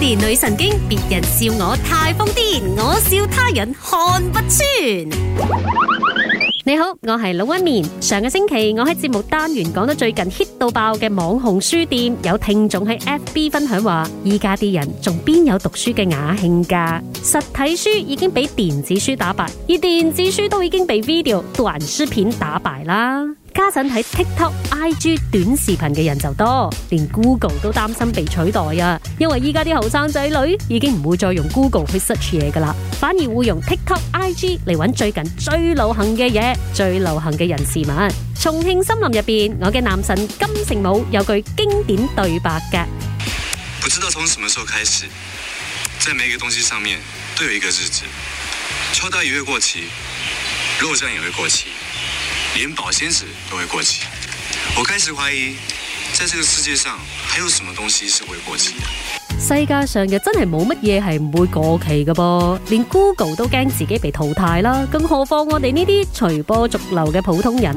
連女神經，別人笑我太瘋癲，我笑他人看不穿。你好，我係老紋敏。上個星期我喺節目單元講到最近 hit 到爆嘅網紅書店，有聽眾喺 FB 分享話，依家啲人仲邊有讀書嘅雅興㗎？家實體書已經俾電子書打敗，而電子書都已經被 video 讀書片打敗啦。加上睇 TikTok、IG 短視頻嘅人就多，連 Google 都擔心被取代啊！因為依家啲後生仔女已經唔會再用 Google 去 search 嘢噶啦，反而會用 TikTok、IG 嚟揾最近最流行嘅嘢、最流行嘅人事物。重慶森林入邊，我嘅男神金城武有句經典對白嘅。不知道從什麼時候開始，在每一個東西上面都有一個日子，秋刀魚也會過期，肉罐頭也會過期。連保鮮紙都會過期，我開始懷疑，在這個世界上還有什麼東西是會過期的。世界上嘅真係冇乜嘢係唔會過期嘅噃，連 Google 都驚自己被淘汰啦，更何況我哋呢啲隨波逐流嘅普通人。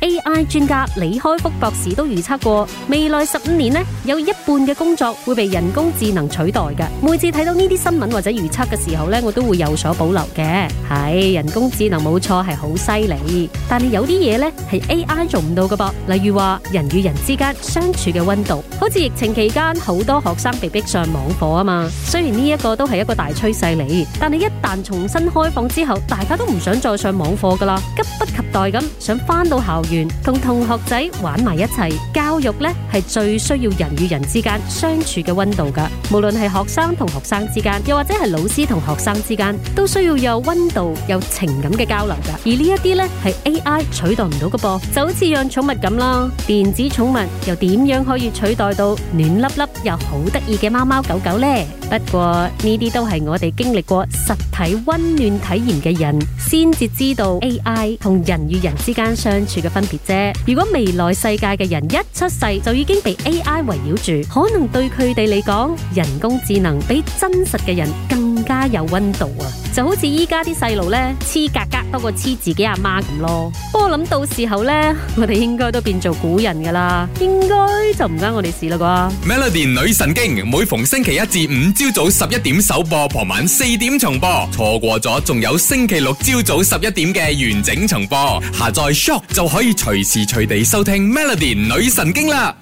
AI 專家李開復博士都預測過，未來十五年呢有一半嘅工作會被人工智能取代嘅。每次睇到呢啲新聞或者預測嘅時候咧，我都會有所保留嘅。係人工智能冇錯，係好犀利，但係有啲嘢咧係 AI 做唔到嘅噃，例如話人與人之間相處嘅溫度，好似疫情期間好多學生被逼上。上網課啊嘛。雖然呢一個都係一個大趨勢嚟，但係一旦重新開放之後，大家都唔想再上網課噶啦，急不及待咁想翻到校園同同學仔玩埋一齊。教育咧係最需要人與人之間相處嘅溫度噶，無論係學生同學生之間，又或者係老師同學生之間，都需要有溫度、有情感嘅交流噶。而呢一啲咧係 AI 取代唔到嘅噃，就好似養寵物咁啦，電子寵物又點樣可以取代到暖粒粒又好得意嘅貓貓？croy 貓狗狗呢？不過呢啲都係我哋經歷過實體温暖體驗嘅人，先至知道 AI 同人與人之間相處嘅分別啫。如果未來世界嘅人一出世就已經被 AI 圍繞住，可能對佢哋嚟講，人工智能比真實嘅人更。家有温度啊，就好似依家啲細路呢，黐格格多過黐自己阿媽咁咯。不過諗到時候呢，我哋應該都變做古人噶啦，應該就唔關我哋事啦啩。Melody 女神經每逢星期一至五朝早十一點首播，傍晚四點重播。錯過咗，仲有星期六朝早十一點嘅完整重播。下載 shop 就可以隨時隨地收聽 Melody 女神經啦。